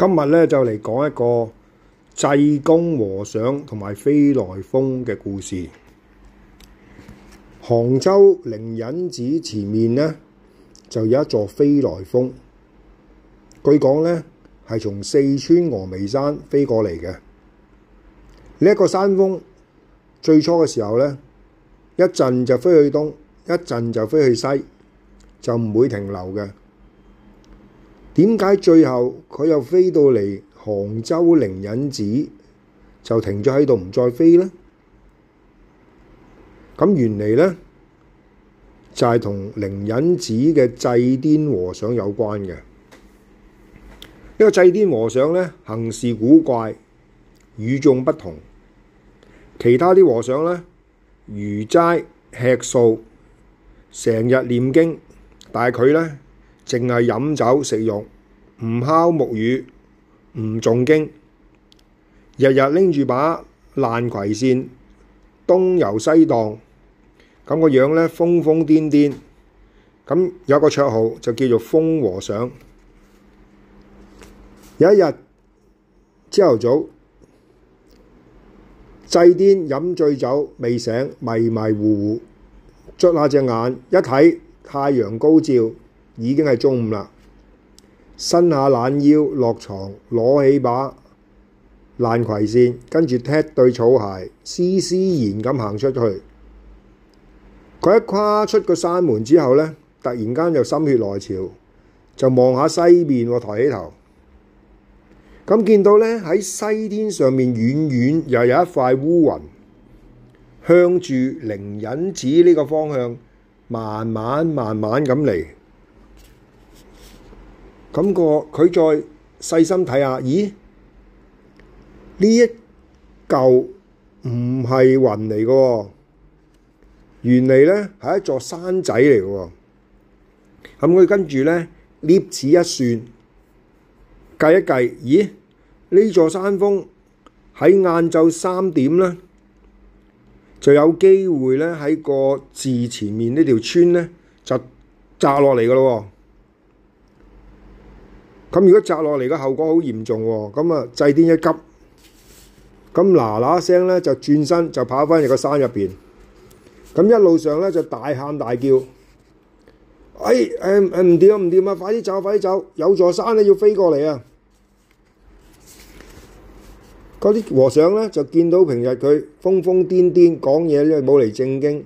今日咧就嚟講一個濟公和尚同埋飛來峰嘅故事。杭州靈隱寺前面咧就有一座飛來峰，據講咧係從四川峨眉山飛過嚟嘅。呢、這、一個山峰最初嘅時候咧，一陣就飛去東，一陣就飛去西，就唔會停留嘅。點解最後佢又飛到嚟杭州靈隱寺就停咗喺度唔再飛呢？咁原嚟呢，就係同靈隱寺嘅濟癲和尚有關嘅。呢個濟癲和尚呢，行事古怪，與眾不同。其他啲和尚呢，茹齋吃素，成日念經，但係佢呢。淨係飲酒食肉，唔敲木魚，唔誦經，日日拎住把爛葵扇，東遊西蕩咁個樣咧，瘋瘋癲癲咁。有個綽號就叫做瘋和尚。 有一日朝頭早，濟癲飲醉酒未醒，迷迷糊糊捽下隻眼一睇，太陽高照。已經係中午啦，伸下懶腰，落床，攞起把爛葵扇，跟住踢對草鞋，絲絲然咁行出去。佢一跨出個山門之後呢，突然間就心血來潮，就望下西面，抬起頭咁見到呢喺西天上面遠遠又有一塊烏雲，向住靈隱寺呢個方向慢慢慢慢咁嚟。咁、那個佢再細心睇下，咦？呢一嚿唔係雲嚟嘅喎，原嚟咧係一座山仔嚟嘅喎。咁、那、佢、個、跟住咧，捏指一算，計一計，咦？呢座山峯喺晏晝三點咧，就有機會咧喺個寺前面呢條村咧就炸落嚟嘅咯喎。咁如果砸落嚟嘅後果好嚴重喎，咁啊，濟癲一急，咁嗱嗱聲咧就轉身就跑翻入個山入邊，咁一路上咧就大喊大叫，哎哎哎唔掂啊，唔掂啊，快啲走，快啲走，有座山咧要飛過嚟啊！嗰啲和尚咧就見到平日佢瘋瘋癲癲講嘢咧冇嚟正經，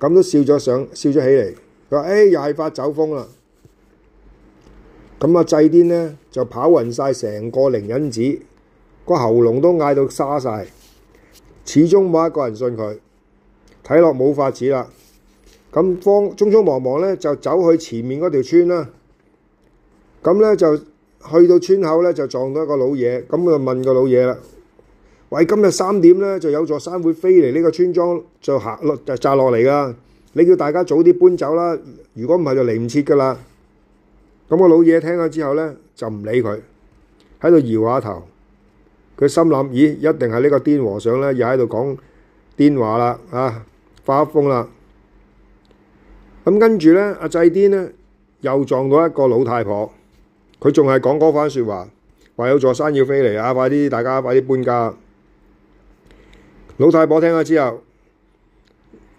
咁都笑咗上笑咗起嚟，佢話：哎又係發酒瘋啦！咁啊，濟癲咧就跑勻晒成個靈隱寺，個喉嚨都嗌到沙晒，始終冇一個人信佢，睇落冇法子啦。咁慌，匆匆忙忙咧就走去前面嗰條村啦。咁咧就去到村口咧就撞到一個老嘢，咁佢就問個老嘢啦：喂，今日三點咧就有座山會飛嚟呢個村莊，就下落就炸落嚟噶。你叫大家早啲搬走啦，如果唔係就嚟唔切噶啦。咁個老嘢聽咗之後咧，就唔理佢喺度搖下頭。佢心諗：咦，一定係呢個癲和尚咧，又喺度講癲話啦，嚇、啊、發瘋啦。咁、啊、跟住咧，阿、啊、濟癲咧又撞到一個老太婆，佢仲係講嗰番説話，話有座山要飛嚟啊！快啲，大家快啲搬家。老太婆聽咗之後，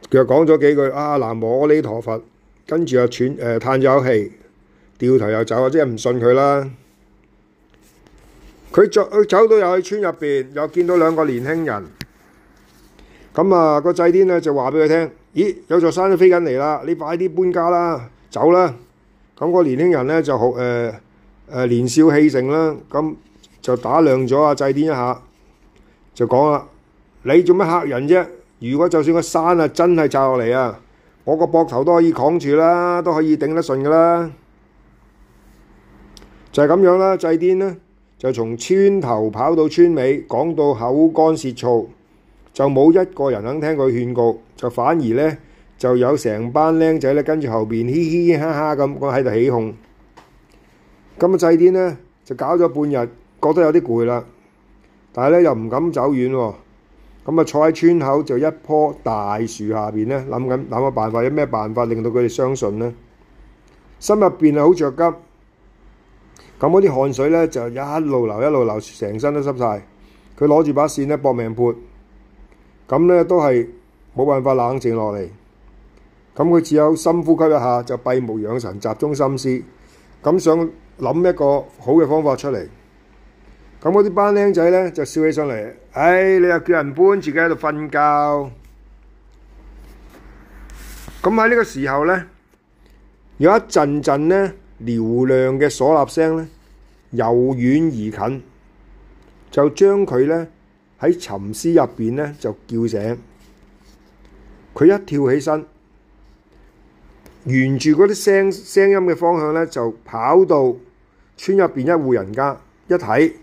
佢又講咗幾句、啊啊、阿南無阿彌陀佛，跟住又喘誒嘆咗口氣。掉頭又走啊！即係唔信佢啦。佢著佢走到又去村入邊，又見到兩個年輕人。咁啊，個濟癲咧就話俾佢聽：咦，有座山都飛緊嚟啦！你快啲搬家啦，走啦！咁個年輕人咧就好誒誒年少氣盛啦，咁就打量咗阿濟癲一下，就講啦：你做乜嚇人啫？如果就算個山啊真係炸落嚟啊，我個膊頭都可以扛住啦，都可以頂得順噶啦！就係咁樣啦，濟癲呢，就從村頭跑到村尾，講到口乾舌燥，就冇一個人肯聽佢勸告，就反而呢，就有成班僆仔咧跟住後邊嘻嘻哈哈咁，喺度起哄。咁啊濟癲呢，就搞咗半日，覺得有啲攰啦，但係咧又唔敢走遠，哦、咁，嗯，啊坐喺村口就一棵大樹下邊呢，諗緊諗個辦法，有咩辦法令到佢哋相信呢？心入邊啊好着急。咁嗰啲汗水咧就一路流一路流，成身都濕晒。佢攞住把扇咧搏命撥，咁咧都係冇辦法冷靜落嚟。咁佢只有深呼吸一下，就閉目養神，集中心思。咁想諗一個好嘅方法出嚟。咁嗰啲班僆仔咧就笑起上嚟。唉、哎，你又叫人搬，自己喺度瞓覺。咁喺呢個時候咧，有一陣陣咧。嘹亮嘅鎖立聲咧由遠而近，就將佢咧喺沉思入邊咧就叫醒佢，一跳起身，沿住嗰啲聲聲音嘅方向呢就跑到村入邊一戶人家一睇，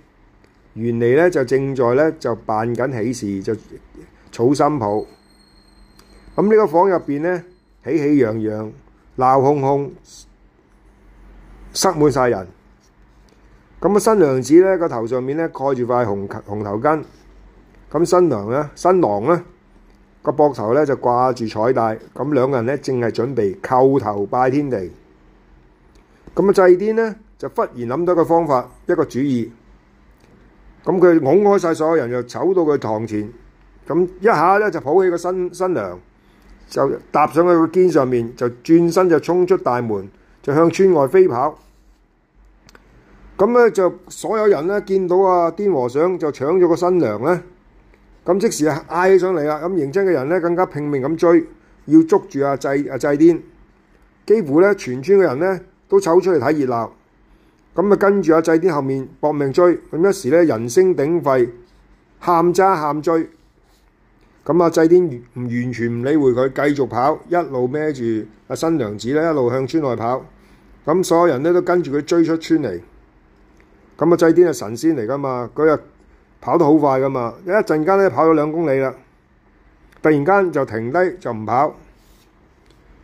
原嚟呢就正在呢就辦緊喜事就草心抱。咁呢個房入邊呢，喜喜洋洋鬧哄哄。塞滿晒人，咁啊新娘子咧個頭上面咧蓋住塊紅紅頭巾，咁新娘咧新郎咧個膊頭咧就掛住彩帶，咁兩個人咧正係準備叩頭拜天地，咁、嗯、啊濟癲咧就忽然諗到一個方法一個主意，咁佢拱開晒所有人就走到佢堂前，咁、嗯、一下咧就抱起個新新娘就搭上佢個肩上面，就轉身就衝出大門。就向村外飛跑，咁咧就所有人咧見到阿、啊、癲和尚就搶咗個新娘咧，咁即時啊嗌上嚟啦。咁認真嘅人咧更加拼命咁追，要捉住阿濟阿濟癲。幾乎咧全村嘅人咧都走出嚟睇熱鬧，咁啊跟住阿濟癲後面搏命追，咁一時咧人聲鼎沸，喊揸喊追。咁阿濟癲完完全唔理會佢，繼續跑，一路孭住阿新娘子咧，一路向村外跑。咁所有人咧都跟住佢追出村嚟，咁啊濟癲係神仙嚟噶嘛，佢就跑得好快噶嘛，一陣間咧跑咗兩公里啦，突然間就停低就唔跑，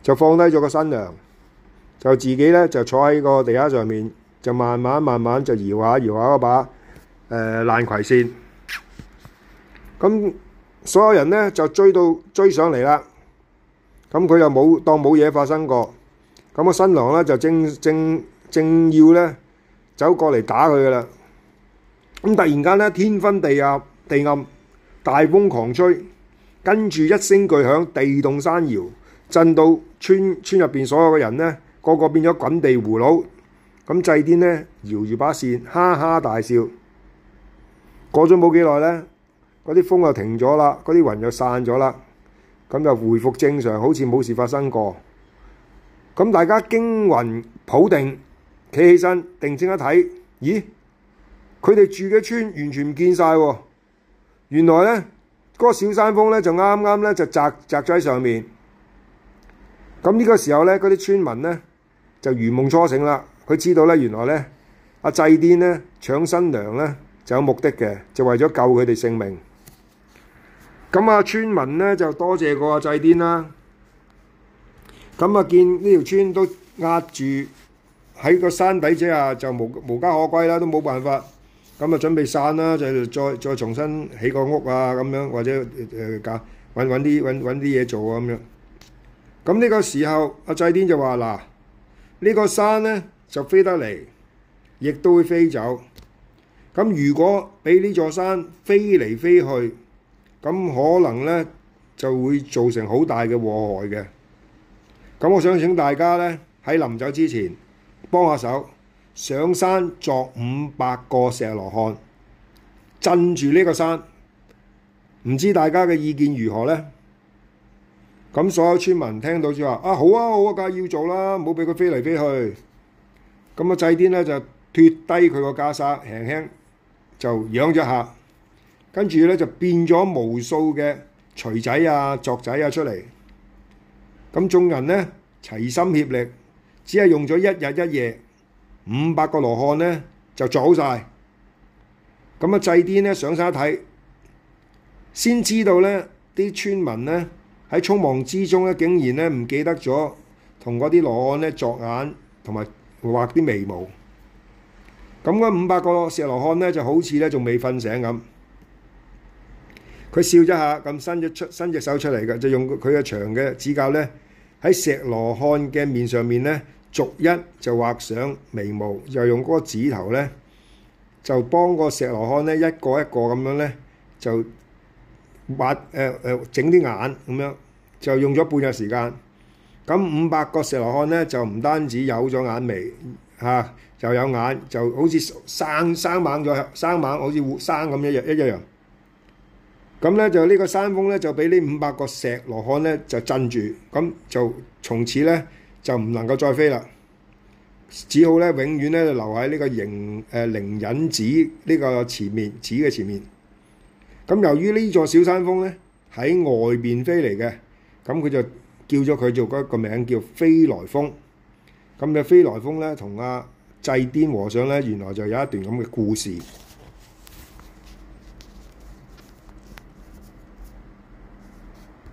就放低咗個新娘，就自己咧就坐喺個地下上面，就慢慢慢慢就搖下搖下嗰把誒爛、呃、葵線。咁所有人咧就追到追上嚟啦，咁佢又冇當冇嘢發生過。咁啊，新郎咧就正正正要咧走過嚟打佢噶啦。咁突然間咧，天昏地暗，地暗，大風狂吹，跟住一聲巨響，地動山搖，震到村村入邊所有嘅人咧，個個變咗滾地葫蘆。咁濟癲咧搖搖把扇，哈哈大笑。過咗冇幾耐咧，嗰啲風又停咗啦，嗰啲雲又散咗啦，咁就回復正常，好似冇事發生過。咁大家驚魂甫定，企起身定睛一睇，咦？佢哋住嘅村完全唔見晒，原來咧嗰個小山峰咧就啱啱咧就擳擳咗喺上面。咁呢個時候咧，嗰啲村民咧就如夢初醒啦。佢知道咧，原來咧阿濟癲咧搶新娘咧就有目的嘅，就為咗救佢哋性命。咁啊，村民咧就多謝過阿濟癲啦。咁啊，見呢條村都壓住喺個山底之下，就無無家可歸啦，都冇辦法。咁啊，準備散啦，就再再重新起個屋啊，咁樣或者誒揾揾啲揾揾啲嘢做啊，咁樣。咁呢個時候，阿濟癲就話嗱：呢個山咧就飛得嚟，亦都會飛走。咁如果俾呢座山飛嚟飛去，咁可能咧就會造成好大嘅禍害嘅。咁我想請大家咧喺臨走之前幫下手，上山鑿五百個石羅漢鎮住呢個山，唔知大家嘅意見如何呢？咁所有村民聽到就話：啊好啊好啊，梗係，啊、要做啦，唔好俾佢飛嚟飛去。咁，那，啊、個，濟癲咧就脫低佢個袈裟，輕輕就養咗下，跟住咧就變咗無數嘅錘仔啊、鑿仔啊出嚟。咁眾人呢齊心協力，只係用咗一日一夜，五百個羅漢呢就做好晒。咁啊濟癲呢，上山一睇，先知道呢啲村民呢喺匆忙之中呢竟然呢唔記得咗同嗰啲羅漢呢作眼同埋畫啲眉毛。咁嗰五百個石羅漢呢就好似呢仲未瞓醒咁，佢笑咗下咁伸咗出伸隻手出嚟嘅，就用佢嘅長嘅指甲呢，喺石羅漢嘅面上面咧，逐一就畫上眉毛，又用嗰個指頭咧，就幫個石羅漢咧一個一個咁樣咧，就畫誒誒、呃呃、整啲眼咁樣，就用咗半日時間。咁五百個石羅漢咧，就唔單止有咗眼眉嚇、啊，就有眼，就好似生生猛咗生猛，好似活生咁一樣一一樣。一樣咁咧就呢個山峰咧就俾呢五百個石羅漢咧就鎮住，咁就從此咧就唔能夠再飛啦，只好咧永遠咧就留喺呢個靈誒靈隱寺呢個前面寺嘅前面。咁由於呢座小山峰咧喺外邊飛嚟嘅，咁佢就叫咗佢做一個名叫飛來峰。咁嘅飛來峰咧同阿濟癲和尚咧原來就有一段咁嘅故事。